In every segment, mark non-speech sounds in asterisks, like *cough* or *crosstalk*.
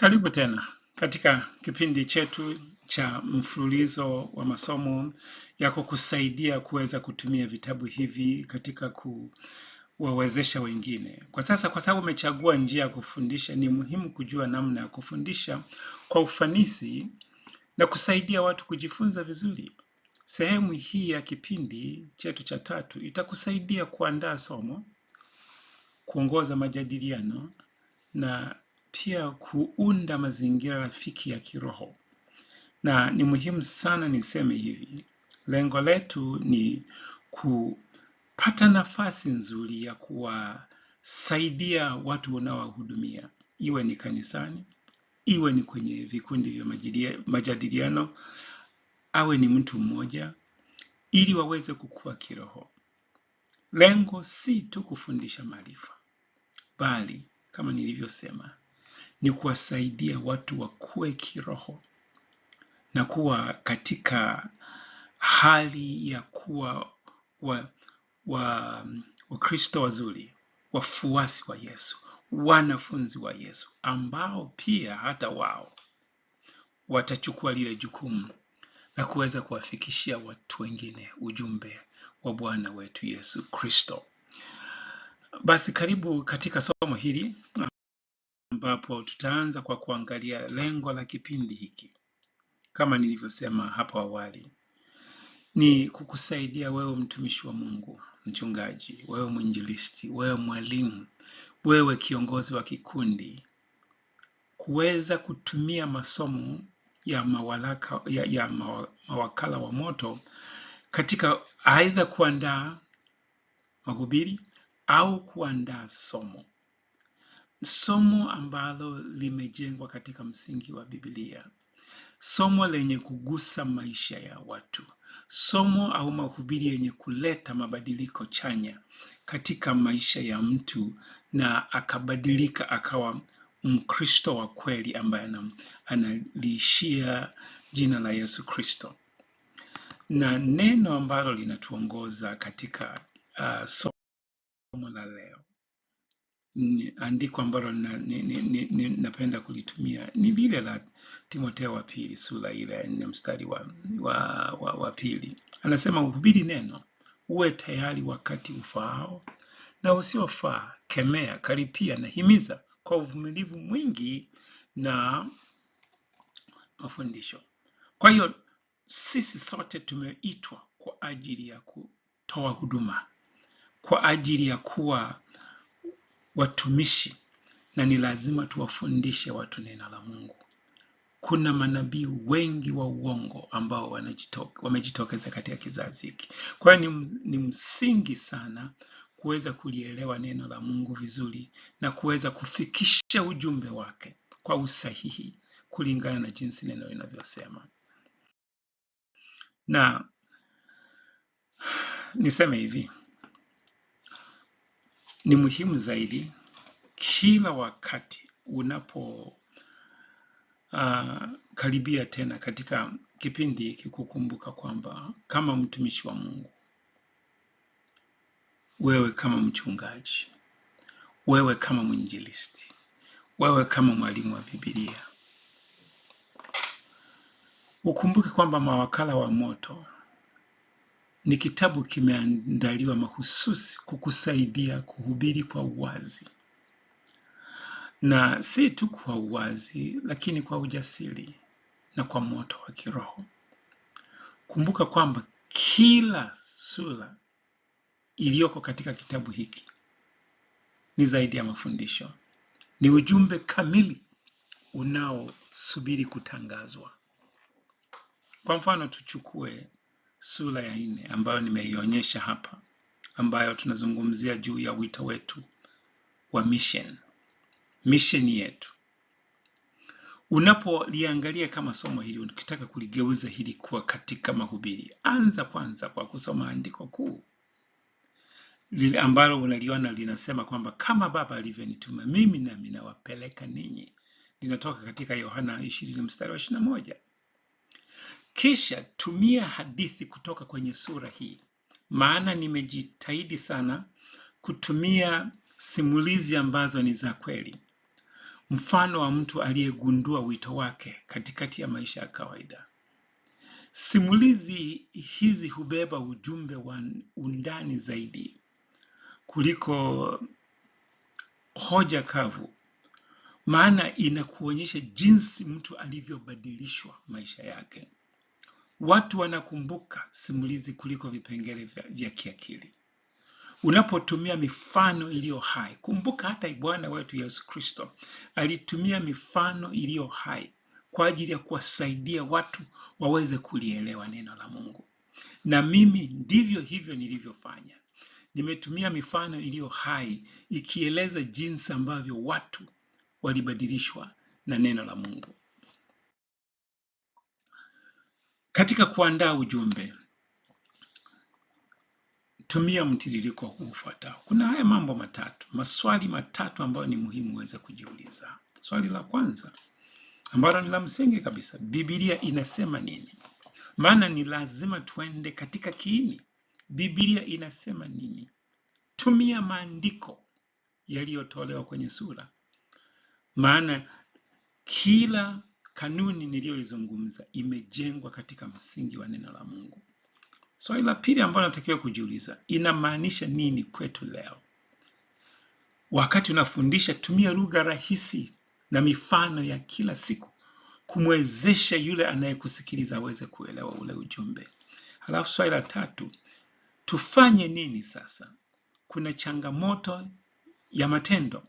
Karibu tena katika kipindi chetu cha mfululizo wa masomo ya kukusaidia kuweza kutumia vitabu hivi katika kuwawezesha wengine. Kwa sasa, kwa sababu umechagua njia ya kufundisha, ni muhimu kujua namna ya kufundisha kwa ufanisi na kusaidia watu kujifunza vizuri. Sehemu hii ya kipindi chetu cha tatu itakusaidia kuandaa somo, kuongoza majadiliano na pia kuunda mazingira rafiki ya kiroho. Na ni muhimu sana niseme hivi, lengo letu ni kupata nafasi nzuri ya kuwasaidia watu unaowahudumia, iwe ni kanisani, iwe ni kwenye vikundi vya majadiliano, awe ni mtu mmoja, ili waweze kukua kiroho. Lengo si tu kufundisha maarifa, bali kama nilivyosema, ni kuwasaidia watu wakuwe kiroho na kuwa katika hali ya kuwa Wakristo wa, wa wazuri, wafuasi wa Yesu, wanafunzi wa Yesu ambao pia hata wao watachukua lile jukumu na kuweza kuwafikishia watu wengine ujumbe wa Bwana wetu Yesu Kristo. Basi karibu katika somo hili ambapo tutaanza kwa kuangalia lengo la kipindi hiki. Kama nilivyosema hapo awali, ni kukusaidia wewe mtumishi wa Mungu, mchungaji, wewe mwinjilisti, wewe mwalimu, wewe kiongozi wa kikundi kuweza kutumia masomo ya, mawalaka, ya, ya mawakala wa moto katika aidha kuandaa mahubiri au kuandaa somo somo ambalo limejengwa katika msingi wa Biblia, somo lenye kugusa maisha ya watu, somo au mahubiri yenye kuleta mabadiliko chanya katika maisha ya mtu na akabadilika akawa Mkristo wa kweli ambaye analiishia jina la Yesu Kristo. Na neno ambalo linatuongoza katika uh, somo la leo andiko ambalo napenda kulitumia ni lile la timoteo wa pili sura ile ya nne mstari wa, wa, wa, wa pili. Anasema uhubiri neno, uwe tayari wakati ufaao na usiofaa, kemea, karipia na himiza kwa uvumilivu mwingi na mafundisho. Kwa hiyo sisi sote tumeitwa kwa ajili ya kutoa huduma, kwa ajili ya kuwa watumishi na ni lazima tuwafundishe watu neno la Mungu. Kuna manabii wengi wa uongo ambao wamejitokeza katika kizazi hiki. Kwa hiyo ni, ni msingi sana kuweza kulielewa neno la Mungu vizuri na kuweza kufikisha ujumbe wake kwa usahihi kulingana na jinsi neno linavyosema. Na *sighs* niseme hivi ni muhimu zaidi kila wakati unapo uh, karibia tena katika kipindi hiki kukumbuka kwamba kama mtumishi wa Mungu, wewe kama mchungaji, wewe kama mwinjilisti, wewe kama mwalimu wa Biblia, ukumbuke kwamba mawakala wa moto ni kitabu kimeandaliwa mahususi kukusaidia kuhubiri kwa uwazi, na si tu kwa uwazi, lakini kwa ujasiri na kwa moto wa kiroho. Kumbuka kwamba kila sura iliyoko katika kitabu hiki ni zaidi ya mafundisho, ni ujumbe kamili unaosubiri kutangazwa. Kwa mfano tuchukue sura ya nne ambayo nimeionyesha hapa ambayo tunazungumzia juu ya wito wetu wa mission mission yetu unapoliangalia kama somo hili ukitaka kuligeuza hili kuwa katika mahubiri anza kwanza kwa kusoma andiko kuu lile ambalo unaliona linasema kwamba kama baba alivyonituma mimi nami nawapeleka ninyi linatoka katika yohana 20 mstari wa 21 kisha tumia hadithi kutoka kwenye sura hii, maana nimejitahidi sana kutumia simulizi ambazo ni za kweli. Mfano wa mtu aliyegundua wito wake katikati ya maisha ya kawaida. Simulizi hizi hubeba ujumbe wa undani zaidi kuliko hoja kavu, maana inakuonyesha jinsi mtu alivyobadilishwa maisha yake. Watu wanakumbuka simulizi kuliko vipengele vya, vya kiakili. Unapotumia mifano iliyo hai, kumbuka hata Bwana wetu Yesu Kristo alitumia mifano iliyo hai kwa ajili ya kuwasaidia watu waweze kulielewa neno la Mungu. Na mimi ndivyo hivyo nilivyofanya. Nimetumia mifano iliyo hai ikieleza jinsi ambavyo watu walibadilishwa na neno la Mungu. Katika kuandaa ujumbe, tumia mtiririko huu ufuatao. Kuna haya mambo matatu, maswali matatu ambayo ni muhimu uweze kujiuliza. Swali la kwanza ambalo ni la msingi kabisa, Biblia inasema nini? Maana ni lazima tuende katika kiini, Biblia inasema nini? Tumia maandiko yaliyotolewa kwenye sura, maana kila kanuni niliyoizungumza imejengwa katika msingi wa neno la Mungu. Swali so, la pili ambalo natakiwa kujiuliza, inamaanisha nini kwetu leo? Wakati unafundisha, tumia lugha rahisi na mifano ya kila siku kumwezesha yule anayekusikiliza aweze kuelewa ule ujumbe. Halafu swali la tatu, tufanye nini sasa? Kuna changamoto ya matendo,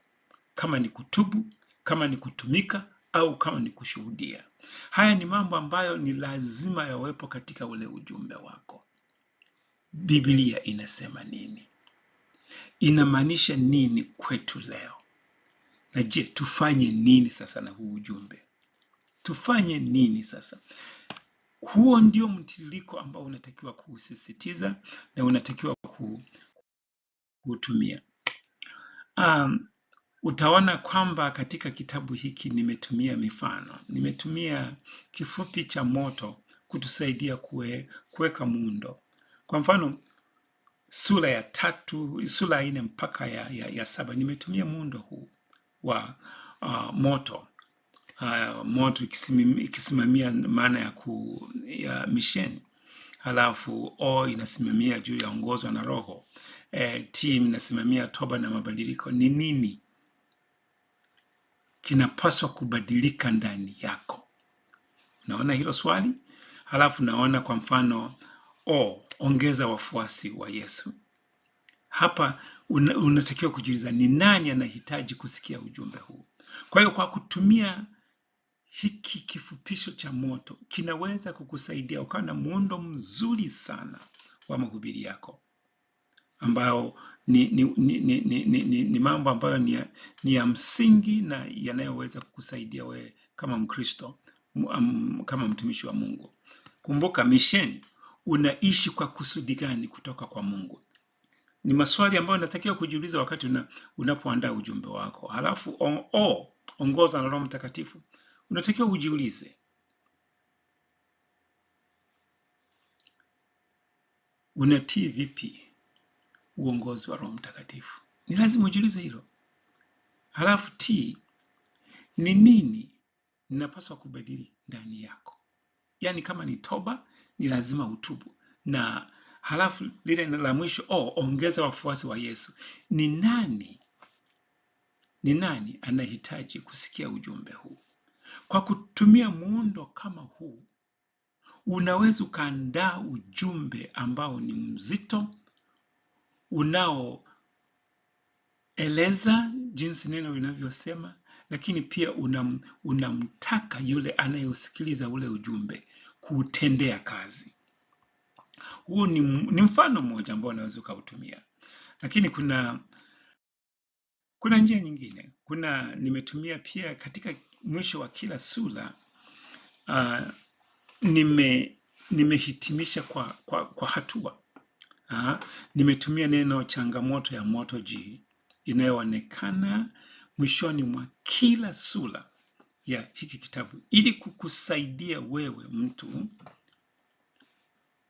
kama ni kutubu, kama ni kutumika, au kama ni kushuhudia. Haya ni mambo ambayo ni lazima yawepo katika ule ujumbe wako. Biblia inasema nini? Inamaanisha nini kwetu leo? Na je, tufanye nini sasa na huu ujumbe? Tufanye nini sasa? Huo ndio mtiririko ambao unatakiwa kuusisitiza na unatakiwa kuutumia. Um, Utaona kwamba katika kitabu hiki nimetumia mifano, nimetumia kifupi cha moto kutusaidia kuweka muundo. Kwa mfano sura ya tatu, sura ya nne mpaka ya, ya, ya saba nimetumia muundo huu wa uh, moto uh, moto ikisimamia maana ya, ku, ya misheni halafu o inasimamia juu ya ongozwa na Roho e, t inasimamia toba na mabadiliko ni nini kinapaswa kubadilika ndani yako. Unaona hilo swali? Halafu naona kwa mfano oh, ongeza wafuasi wa Yesu. Hapa unatakiwa kujiuliza ni nani anahitaji kusikia ujumbe huu. Kwa hiyo kwa kutumia hiki kifupisho cha moto kinaweza kukusaidia ukawa na muundo mzuri sana wa mahubiri yako ambayo ni, ni, ni, ni, ni, ni, ni, ni mambo ambayo ni ya, ni ya msingi na yanayoweza kukusaidia wewe kama Mkristo um, kama mtumishi wa Mungu. Kumbuka misheni, unaishi kwa kusudi gani kutoka kwa Mungu? Ni maswali ambayo natakiwa kujiuliza wakati una, unapoandaa ujumbe wako. Halafu on, oh, ongoza na Roho Mtakatifu, unatakiwa ujiulize unatii vipi uongozi wa Roho Mtakatifu. Ni lazima ujiulize hilo. Halafu T ni nini ninapaswa kubadili ndani yako? Yaani kama ni toba, ni lazima utubu. Na halafu lile la mwisho oh, ongeza wafuasi wa Yesu. Ni nani ni nani anahitaji kusikia ujumbe huu? Kwa kutumia muundo kama huu, unaweza ukaandaa ujumbe ambao ni mzito unaoeleza jinsi neno linavyosema, lakini pia unam, unamtaka yule anayeusikiliza ule ujumbe kuutendea kazi. Huo ni, ni mfano mmoja ambao unaweza ukautumia, lakini kuna kuna njia nyingine. Kuna nimetumia pia katika mwisho wa kila sura uh, nime nimehitimisha kwa, kwa, kwa hatua Nimetumia neno changamoto ya moto ji inayoonekana mwishoni mwa kila sura ya hiki kitabu ili kukusaidia wewe mtu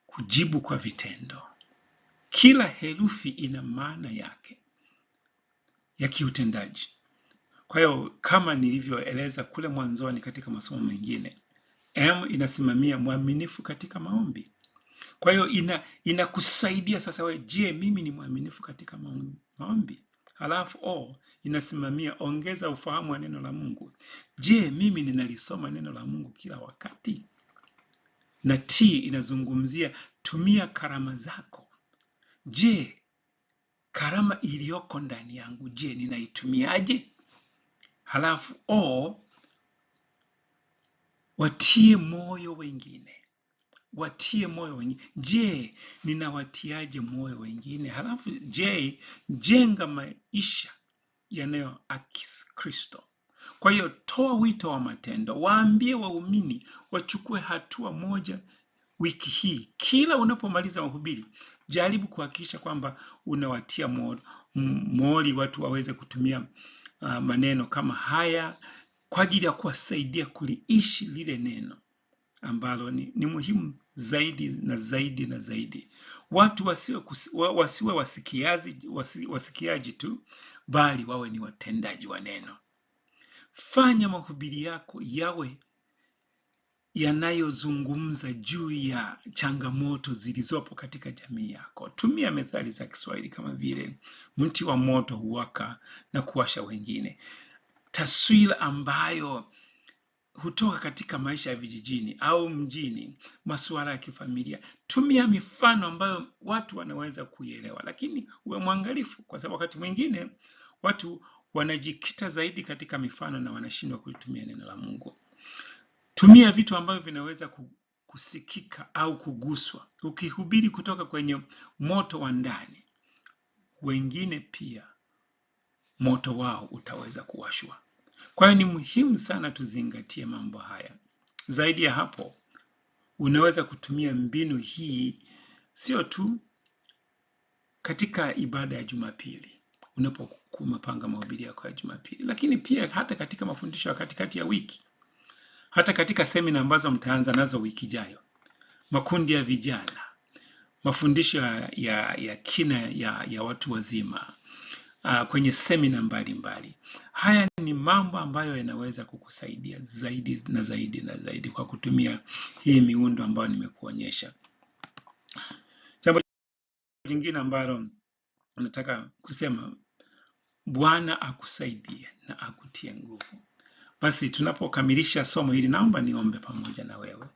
kujibu kwa vitendo. Kila herufi ina maana yake ya kiutendaji. Kwa hiyo kama nilivyoeleza kule mwanzoni katika masomo mengine, M inasimamia mwaminifu katika maombi. Kwa hiyo ina inakusaidia sasa wewe, je, mimi ni mwaminifu katika maombi? Halafu o oh, inasimamia ongeza ufahamu wa neno la Mungu. Je, mimi ninalisoma neno la Mungu kila wakati? Na T inazungumzia tumia karama zako. Je, karama iliyoko ndani yangu, je, ninaitumiaje? Halafu o oh, watie moyo wengine watie moyo wengine. Je, ninawatiaje moyo wengine? Halafu je, jenga maisha yanayoakisi Kristo. Kwa hiyo toa wito wa matendo, waambie waumini wachukue hatua moja wiki hii. Kila unapomaliza mahubiri, jaribu kuhakikisha kwamba unawatia mori watu waweze kutumia uh, maneno kama haya kwa ajili ya kuwasaidia kuliishi lile neno ambalo ni, ni muhimu zaidi na zaidi na zaidi. Watu wasiwe, wasiwe wasikiaji, wasi, wasikiaji tu bali wawe ni watendaji wa neno. Fanya mahubiri yako yawe yanayozungumza juu ya changamoto zilizopo katika jamii yako. Tumia methali za Kiswahili kama vile mti wa moto huwaka na kuwasha wengine, taswira ambayo hutoka katika maisha ya vijijini au mjini, masuala ya kifamilia. Tumia mifano ambayo watu wanaweza kuielewa, lakini uwe mwangalifu, kwa sababu wakati mwingine watu wanajikita zaidi katika mifano na wanashindwa kulitumia neno la Mungu. Tumia vitu ambavyo vinaweza kusikika au kuguswa. Ukihubiri kutoka kwenye moto wa ndani, wengine pia moto wao utaweza kuwashwa. Kwa hiyo ni muhimu sana tuzingatie mambo haya. Zaidi ya hapo, unaweza kutumia mbinu hii sio tu katika ibada ya Jumapili unapokuwa umepanga mahubiri yako ya Jumapili, lakini pia hata katika mafundisho ya katikati ya wiki, hata katika semina ambazo mtaanza nazo wiki ijayo, makundi ya vijana, mafundisho ya, ya kina ya, ya watu wazima, uh, kwenye semina mbalimbali. Haya ni mambo ambayo yanaweza kukusaidia zaidi na zaidi na zaidi kwa kutumia hii miundo ambayo nimekuonyesha. Jambo jingine ambalo nataka kusema, Bwana akusaidie na akutie nguvu. Basi tunapokamilisha somo hili, naomba niombe pamoja na wewe.